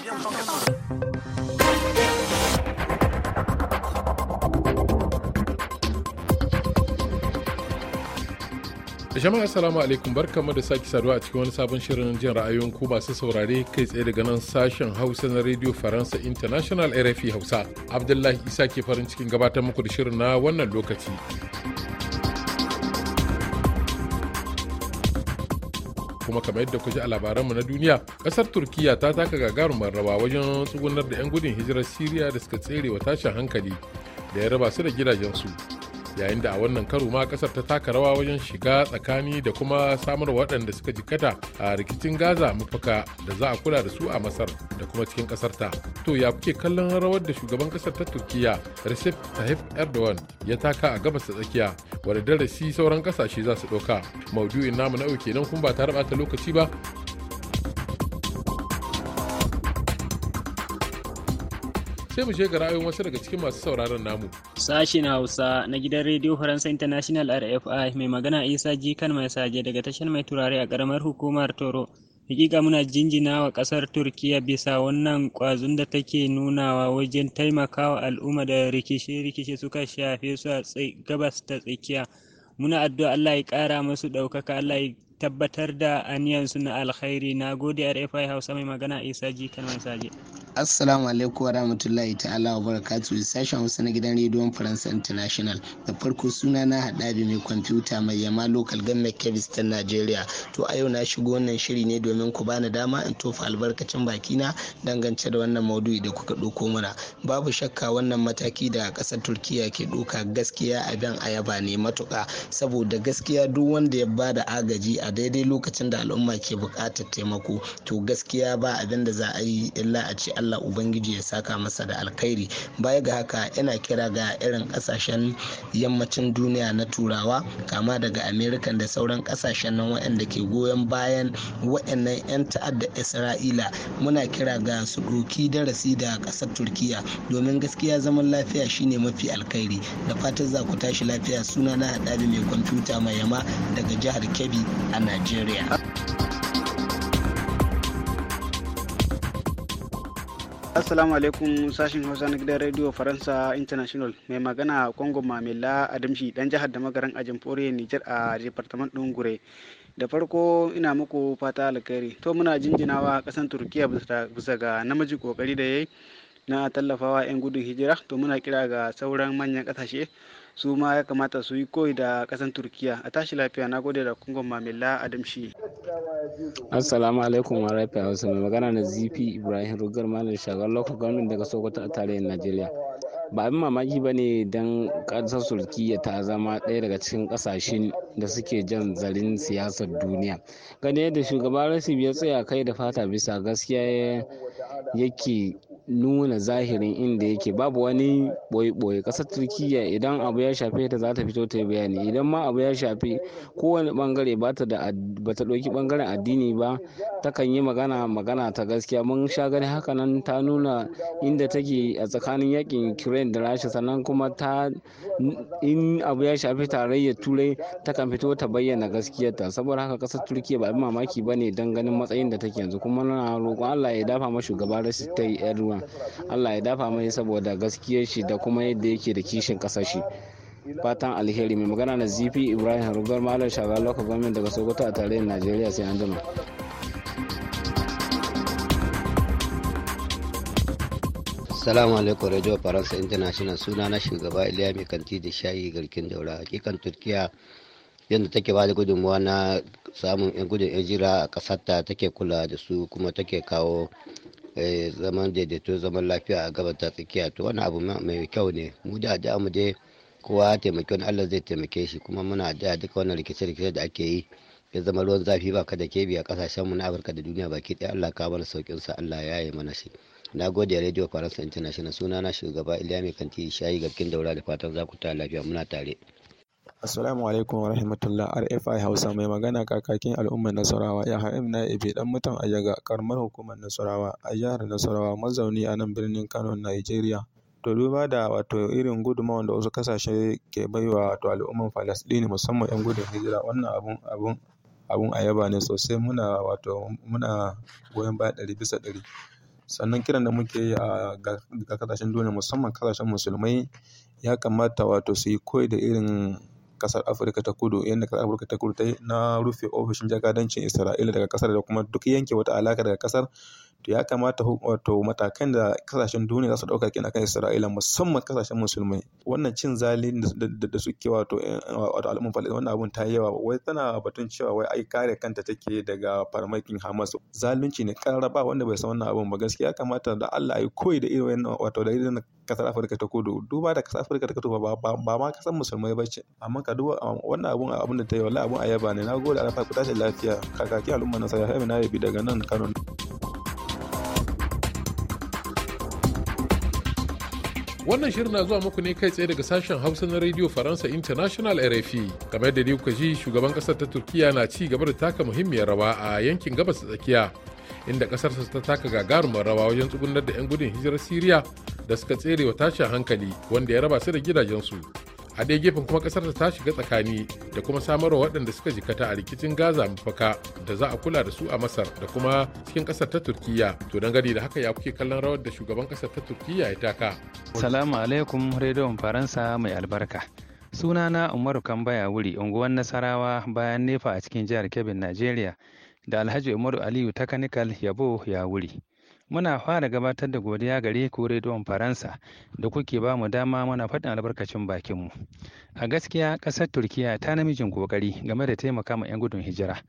jama'a assalamu alaikum barkamu da sake saduwa a cikin wani sabon shirin jin ra'ayoyin ku masu saurare kai tsaye daga nan sashen hausa na radio faransa international rfi hausa abdullahi isa ke farin cikin gabatar muku da shirin na wannan lokaci kuma kamar yadda ku ji a labaranmu na duniya kasar turkiya ta taka gagarumar rawa wajen tsugunar da 'yan gudun hijirar siriya da suka tsere wa tashin hankali da ya raba su da gidajen su. yayin da a wannan karo ma kasar ta taka rawa wajen shiga tsakani da kuma samar waɗanda suka jikata a rikicin gaza mafaka da za a kula da su a masar da kuma cikin kasar ta to ya kuke kallon rawar da shugaban kasar ta turkiya recep tayyip erdogan ya taka a gabas ta tsakiya wadda darasi sauran kasashe za su ɗauka maudu'in namu na kenan kuma ba raba ta lokaci ba sai mu je ga wasu daga cikin masu sauraron namu. na Hausa na gidan Radio Faransa International RFI mai magana Isa Jikan mai saje daga tashar mai turare a karamar hukumar Toro. Hakika muna jinjina wa kasar Turkiya bisa wannan kwazon da take nunawa wajen taimakawa al'umma da rikice-rikice suka shafe su a gabas ta tsakiya. Muna addu'a Allah ya kara musu ɗaukaka Allah ya tabbatar da aniyansu na alkhairi. Na gode RFI Hausa mai magana Isa Jikan mai saje. Assalamu alaikum wa rahmatullahi ta'ala wa barakatu. sashen Hausa na gidan rediyon Faransa International. Da farko suna na hadabi mai kwamfuta mai yama lokal government kebis ta Najeriya. To a yau na shigo wannan shiri ne domin ku bani dama in tofa albarkacin bakina dangance da wannan maudu'i da kuka ɗauko mana. Babu shakka wannan mataki da ƙasar Turkiya ke ɗauka gaskiya abin ayaba ne matuka. saboda gaskiya duk wanda ya bada agaji a daidai lokacin da al'umma ke buƙatar taimako to gaskiya ba abin da za a yi illa a ce allah ubangiji ya saka masa da alkhairi baya ga haka yana kira ga irin kasashen yammacin duniya na turawa kama daga amerikan da sauran kasashen nan waɗanda ke goyon bayan waɗannan 'yan ta'adda isra'ila muna kira ga su ɗoki darasi da ƙasar turkiya domin gaskiya zaman lafiya shine mafi alkhairi da fatan za ku tashi lafiya suna na haɗari mai kwamfuta mai yama daga jihar kebbi a najeriya Assalamu alaikum sashin Hausa na gidan Radio Faransa International mai magana Kongo Mamela Adamshi dan jihar da magaran a Jamhuriyar Nijar a Departement ɗin Gure. Da farko ina muku fata alkhairi. To muna jinjinawa kasan Turkiya bisa ga namiji kokari da yayi na tallafawa 'yan gudun hijira to muna kira ga sauran manyan kasashe su ma ya kamata su yi koyi da kasan turkiya a tashi lafiya na gode da kungon mamila adamshi assalamu alaikum wa rafiya hausa mai magana na zifi ibrahim rugar malam shagar lokacin gwamnan daga sokoto a tarayyar najeriya ba abin mamaki ba ne don kasar turkiya ta zama ɗaya daga cikin kasashen da suke jan zarin siyasar duniya gane yadda shugaban biyar ya tsaya kai da fata bisa gaskiya yake nuna zahirin inda yake babu wani boye-boye ƙasar turkiya idan abu ya shafe ta za fito ta yi bayani idan ma abu ya shafe kowane bangare ba ta ɗauki bangaren addini ba takan yi magana magana ta gaskiya mun sha gani haka nan ta nuna inda take a tsakanin yakin ukraine da rasha sannan kuma ta in abu ya shafi tarayyar turai takan fito ta bayyana gaskiyarta saboda haka kasar turkiya ba abin mamaki ba ne don ganin matsayin da take yanzu kuma na roƙon allah ya dafa ma shugaba ta yi ruwan allah ya dafa mai saboda gaskiyar shi da kuma yadda yake da kishin kasar shi fatan alheri mai magana na zifi ibrahim harugar malam shagar local government daga sokoto a tarayyar najeriya sai an jima Salamu alaikum Radio Faransa International suna na shugaba Iliya mai kanti da shayi garkin daura hakikan Turkiya yadda take ba da gudunmuwa na samun 'yan gudun 'yan jira a kasarta take kula da su kuma take kawo Eh, zaman daidaito zaman lafiya a gabar ta tsakiya to wani abu mai kyau ne mu da da mu je kowa ya taimaki wani Allah zai taimake shi kuma muna da duka wannan rikice-rikice da ake yi ya zama ruwan zafi ba kada da kebi a kasashen mu na Afirka da duniya baki ɗaya Allah ka bar saukin sa Allah ya yi mana shi na gode radio faransa international sunana shugaba Iliya kanti shayi garkin daura da fatan za ku lafiya muna tare Assalamu alaikum wa rahmatullah RFI Hausa mai magana kakakin al'ummar Nasarawa ya haɗu na ibe dan mutan Ayaga karamar hukumar Nasarawa a jihar Nasarawa mazauni a nan birnin Kano Nigeria. To duba da wato irin gudunmawar da wasu kasashe ke baiwa wato al'ummar Falasɗini musamman 'yan gudun hijira wannan abun abun abun ayaba ne sosai muna wato muna goyon baya ɗari bisa ɗari. sannan kiran da muke yi a ga kasashen duniya musamman kasashen musulmai ya kamata wato su yi koyi da irin ƙasar Afirka ta Kudu yadda ƙasar Afirka ta Kudu ta na rufe ofishin jakadancin Isra'ila daga ƙasar da kuma duk yanke wata alaƙa daga ƙasar To ya kamata wato matakan da kasashen duniya za su dauka kenan kan Isra'ila musamman kasashen musulmai. Wannan cin zalin da suke wato eh, al'ummar Falasɗinu wannan abun ta yi yawa. Wai tana batun cewa wai ai kare kanta take daga farmakin Hamas. Zalunci ne karaba wanda bai san wannan abun ba gaskiya ya kamata da Allah ya koyi da irin wato da irin kasar Afirka ta kudu duba da kasar Afirka ta kudu ba ma kasar musulmai ba ce amma ka duba um, wannan abun abun da ta yi wallahi abun ayaba ne na gode Allah ku tashi lafiya kakaki al'umma na sai na yabi daga nan Kano Wannan shirin na zuwa muku ne kai tsaye daga sashen Hausa na Radio Faransa International RFI. Kamar da kuka ji shugaban kasar ta Turkiya na ci gaba da taka muhimmiyar rawa a yankin gabas tsakiya. Inda kasar ta taka gagarumar rawa wajen tsugunar da 'yan gudun hijirar Siriya da suka tsere wa tashin hankali wanda ya raba su da gidajensu. a dai gefen kuma ƙasar ta shiga tsakani da kuma samarwa waɗanda suka jikata a rikicin gaza mafaka da za a kula da su a masar da kuma cikin kasar ta turkiyya to dangane da haka ya kuke kallon rawar da shugaban kasar ta turkiyya ya taka salamu alaikum rediyon faransa mai albarka sunana umaru kambaya wuri unguwar nasarawa bayan nefa a cikin jihar kebin najeriya da alhaji umaru aliyu takanikal yabo ya wuri Muna fara gabatar da godiya gare ku rediyon Faransa da kuke ba mu dama muna faɗin albarkacin bakinmu. A gaskiya ƙasar Turkiya ta namijin ƙoƙari game da taimaka ma 'yan gudun hijira.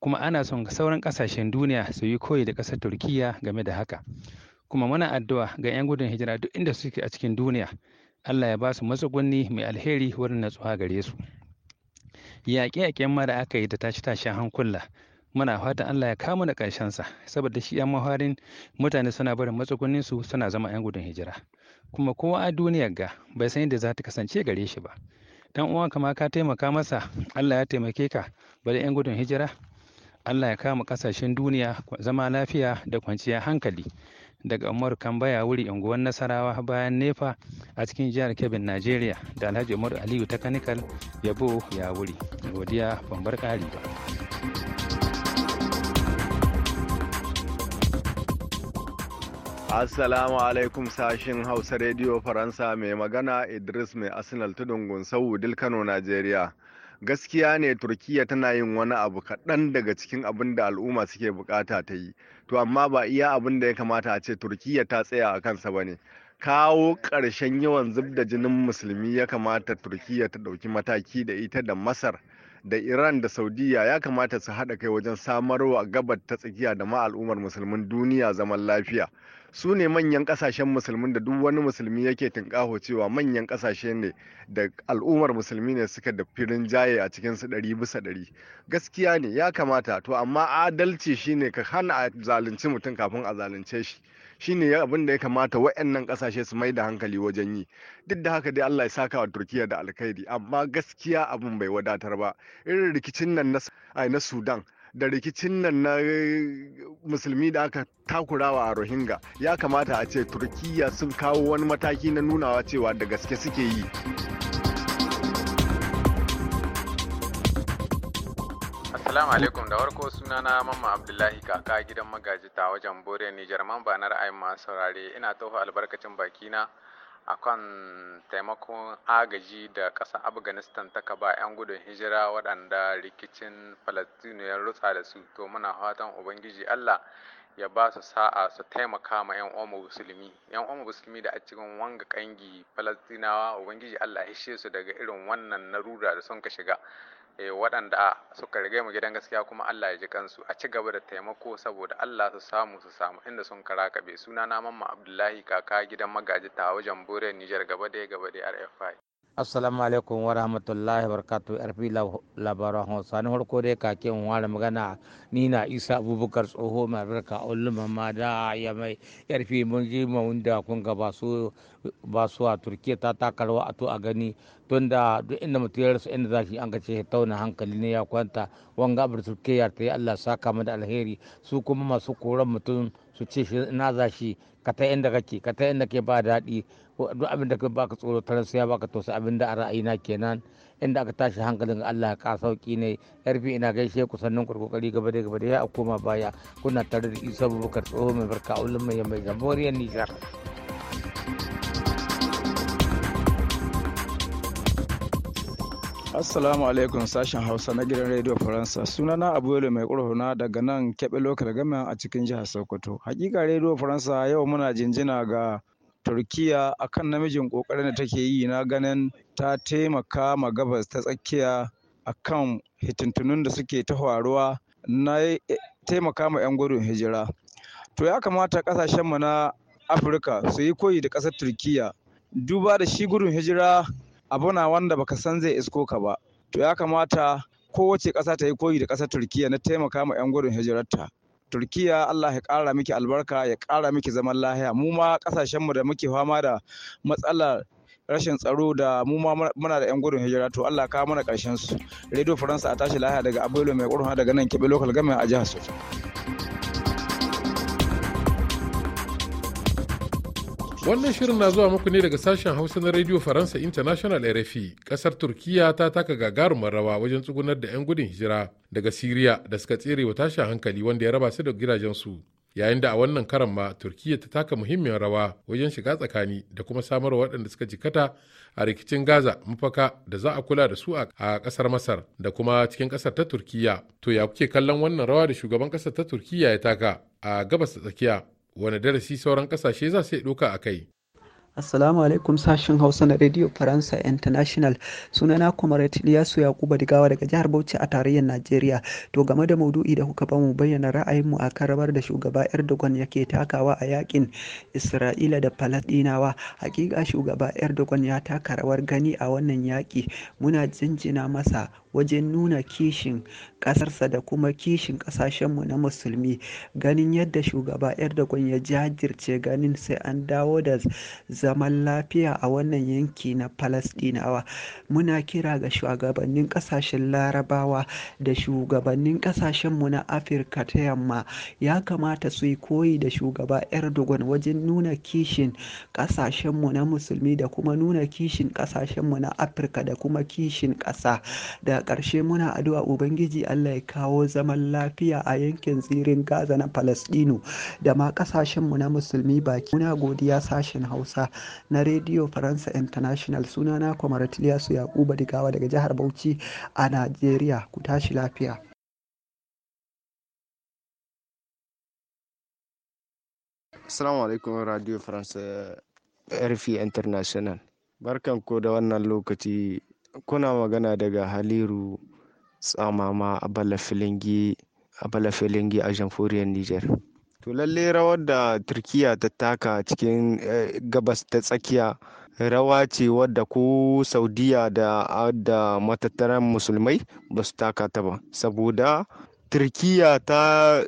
Kuma ana son sauran ƙasashen duniya su yi koyi da ƙasar Turkiya game da haka. Kuma muna addu'a ga 'yan gudun hijira duk inda suke a cikin duniya. Allah ya ba su matsugunni mai alheri wurin natsuwa gare su. Yaƙe-yaƙen mara aka yi da tashi tashen hankula muna fatan Allah ya kama da sa saboda shi 'yan maharin mutane suna barin matsugunin su suna zama 'yan gudun hijira kuma kowa a duniyar ga bai san yadda za ta kasance gare shi ba dan uwa kama ka taimaka masa Allah ya taimake ka bari 'yan gudun hijira Allah ya kama kasashen duniya zama lafiya da kwanciya hankali daga Umar Kambaya wuri unguwar Nasarawa bayan Nefa a cikin jihar Kebbi Najeriya da Alhaji Umar Aliyu ta Kanikal Yabo ya wuri godiya ban bar ba Assalamu alaikum sashin Hausa Radio Faransa mai magana Idris mai Arsenal ta Gunsau Wudil Kano Najeriya. Gaskiya ne Turkiyya tana yin wani abu kaɗan daga cikin abin da al'umma suke bukata ta yi. To amma ba iya abin da ya kamata a ce Turkiyya ta tsaya a kansa ba ne. Kawo ƙarshen yawan zub da jinin musulmi ya kamata Turkiyya ta ɗauki mataki da ita da Masar. da Iran da Saudiya ya kamata su haɗa kai wajen samarwa gabar ta tsakiya da ma al'ummar musulmin duniya zaman lafiya. su ne manyan kasashen musulmin da duk wani musulmi yake tunƙaho cewa manyan kasashe ne da al'ummar musulmi ne suka da firin jaye a cikin su ɗari bisa ɗari gaskiya ne ya kamata to amma adalci shine ka hana a zalunci mutum kafin a zalunce shi shine abin da ya kamata waɗannan kasashe su mai da hankali wajen yi duk da haka dai Allah ya saka wa Turkiya da alkhairi amma gaskiya abin bai wadatar ba irin rikicin nan na Sudan da rikicin nan na eh, musulmi da aka takurawa a rohingya ya kamata a ce turkiya sun kawo wani mataki na nunawa cewa da gaske suke yi Assalamu alaikum da warko suna na mamma Abdullahi kaka gidan magajita wajen Bore Nijar man banar ayin masu saurare ina toho albarkacin bakina a kan taimakon agaji da ƙasar afghanistan ta ba 'yan gudun hijira waɗanda rikicin falastinu ya rusa da su to muna fatan ubangiji allah ya ba su sa'a su taimaka ma 'yan uwan musulmi yan uwan musulmi da a cikin wanga kangi falastinawa ubangiji allah ya su daga irin wannan narura da sun ka shiga Eh, waɗanda suka riga mu gidan gaskiya kuma Allah ya ji kansu a ci gaba da taimako saboda Allah su samu su samu inda sun kara kaɓe, suna na mamma Abdullahi kaka gidan magaji ta wajen Bore nijar gaba da gaba da RFI assalamu alaikum wa rahmatullahi wa ƴar fi labaran hausa na farko dai kake magana ni na isa abubakar tsoho mai albarka ulu mamma da ya mai fi mun ji da kun ga ba su a turkiya ta takarwa a to a gani tun da duk inda mutum ya rasu inda za shi an ga ce tauna hankali ne ya kwanta wanga abu turkiya ta yi allah sa kama da alheri su kuma masu koran mutum su ce shi na za shi ka ta inda kake ka ta inda ke ba daɗi duk abin da ka baka tsoro ta ya baka tausa abin da a ra'ayina kenan inda aka tashi hankalin Allah ka sauki ne yarfi ina gaishe ku sannan ku kokari gaba da gaba da ya koma baya kuna tare da Isa Abubakar tsoho mai barka ulun mai mai jamhuriyar Nijar Assalamu alaikum sashen Hausa na gidan Radio Faransa. Sunana Abuelo mai ƙorhuna daga nan keɓe lokal gama a cikin jihar Sokoto. Hakika Radio Faransa yau muna jinjina ga Turkiyya akan namijin ƙoƙarin da take yi na ganin ta taimaka ma Gabas ta Tsakiya akan hitintunun da suke ta faruwa na taimaka ma 'yan gudun hijira. To ya kamata ƙasashenmu na Afirka su yi koyi da ƙasar Turkiyya duba da shi gudun hijira abu na wanda baka san zai isko ka ba. To ya kamata kowace ƙasa ta yi koyi da ƙasar turkiya na taimaka ma 'yan gudun hijirarta. turkiya allah ya ƙara miki albarka ya ƙara miki zaman lahiya mu ma mu da muke fama da matsalar rashin tsaro da mu ma muna da 'yan gudun hijira to Allah kawo mana karshen su. Radio France a tashi lahiya daga Abuelo mai kurha daga nan Kebe Local Government a jihar Sokoto. Wannan shirin na zuwa muku ne daga sashen Hausa na Radio Faransa International RFI. Kasar Turkiya ta taka gagarumar rawa wajen tsugunar da 'yan gudun hijira daga Siriya da suka tsere wa tashin hankali wanda ya raba su da gidajensu. Yayin da a wannan karan ma Turkiya ta taka muhimmiyar rawa wajen shiga tsakani da kuma samarwa waɗanda suka jikata a rikicin Gaza mafaka da za a kula da su a ƙasar Masar da kuma cikin ƙasar ta Turkiya. To ya kuke kallon wannan rawa da shugaban ƙasar ta Turkiya ya taka a gabas da tsakiya wani darasi sauran kasashe za su ɗauka a kai Assalamu alaikum sashen Hausa na Radio Faransa International. Sunana Comrade Ilyasu Yakuba Digawa daga jihar Bauchi a tarayyar Najeriya. To game da maudu'i da kuka bamu bayyana ra'ayinmu a karabar da shugaba Erdogan yake takawa a yakin Isra'ila da Falasɗinawa. Hakika shugaba Erdogan ya taka rawar gani a wannan yaki. Muna jinjina masa wajen nuna kishin ƙasarsa da kuma kishin ƙasashenmu na musulmi ganin yadda shugaba erdogan ya jajirce ganin sai an dawo da zaman lafiya a wannan yanki na palestinawa muna kira ga shugabannin ƙasashen larabawa da shugabannin ƙasashenmu na afirka ta yamma ya kamata su yi koyi da shugaba erdogan wajen nuna kishin ƙasashenmu na musulmi da kuma nuna kishin ƙasashenmu na afirka da kuma kishin ƙasa da a ƙarshe muna addu'a ubangiji allah ya kawo zaman lafiya a yankin tsirin gaza na palestino da ma ƙasashenmu na musulmi baki muna godiya sashen hausa na rediyo faransa international suna na kwamaratiliya su yakuba digawa daga jihar bauchi a najeriya ku tashi lafiya Assalamu alaikum Radio France RFI International. Barkan ko da wannan lokaci kuna magana daga Haliru Tsamama a Filingi, Filingi a Jamhuriyar Nijar. To lalle rawar da Turkiya ta taka cikin eh, gabas ta tsakiya rawa ce wadda ko Saudiya da da matattaran musulmai ba su taka ta ba saboda Turkiya ta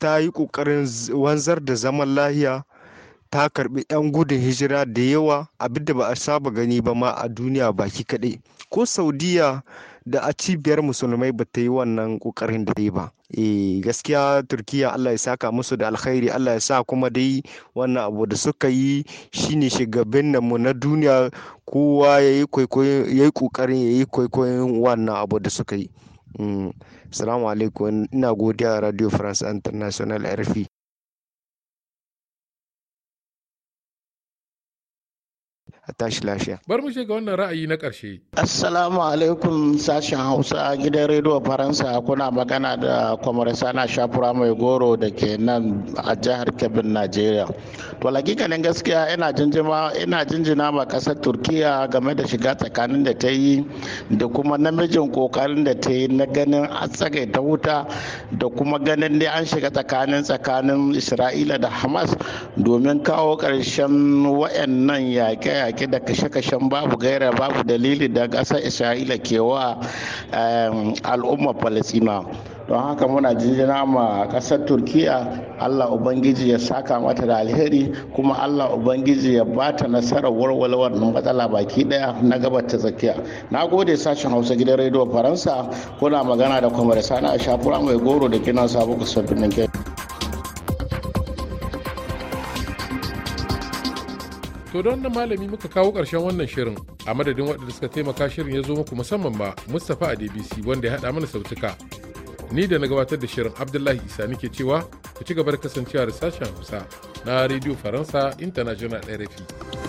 ta yi ƙoƙarin wanzar da zaman lahiya ta karbi 'yan gudun hijira da yawa abinda ba a saba gani ba ma a duniya baki kaɗai ko saudiya da a cibiyar musulmai ba ta yi wannan kokarin da dai ba e gaskiya turkiya allah ya saka musu da alkhairi allah ya sa kuma dai wannan abu da suka yi shine shugabin mu na duniya kowa ya yi kokarin ya yi kwaikwayon wannan abu da suka yi mm. salamu alaikum ina godiya radio france international rfi a tashi lafiya. Bar mu shiga wannan ra'ayi na ƙarshe. Assalamu alaikum sashen Hausa gidan rediyo Faransa kuna magana da Kwamar Sana Shafura mai goro da ke nan a jihar Kebbin Najeriya. To lakikanin gaskiya ina jinjima ina jinjina ma ƙasar Turkiya game da shiga tsakanin da ta yi da kuma namijin kokarin da ta yi na ganin tsagai ta wuta da kuma ganin dai an shiga tsakanin tsakanin Isra'ila da Hamas domin kawo ƙarshen wa'annan yaƙe-yaƙe take da kashe-kashen babu gaira babu dalili da ƙasar isra'ila ke wa al'ummar palestina don haka muna jinjina ma ƙasar turkiya allah ubangiji ya saka mata da alheri kuma allah ubangiji ya ba ta nasarar warwalwar wannan matsala baki daya na gabar ta tsakiya na gode sashen hausa gidan rediyo faransa kuna magana da kwamar sani a shafura mai goro da kinan sabu kusurbin nigeria To don wannan malami muka kawo ƙarshen wannan shirin a madadin waɗanda suka taimaka shirin ya zo muku musamman ba Mustapha a DBC wanda ya haɗa mana sautuka. Ni da na gabatar da shirin Abdullahi Isa nike cewa ku ci gaba da kasancewa da sashen Hausa na Radio Faransa International RFI.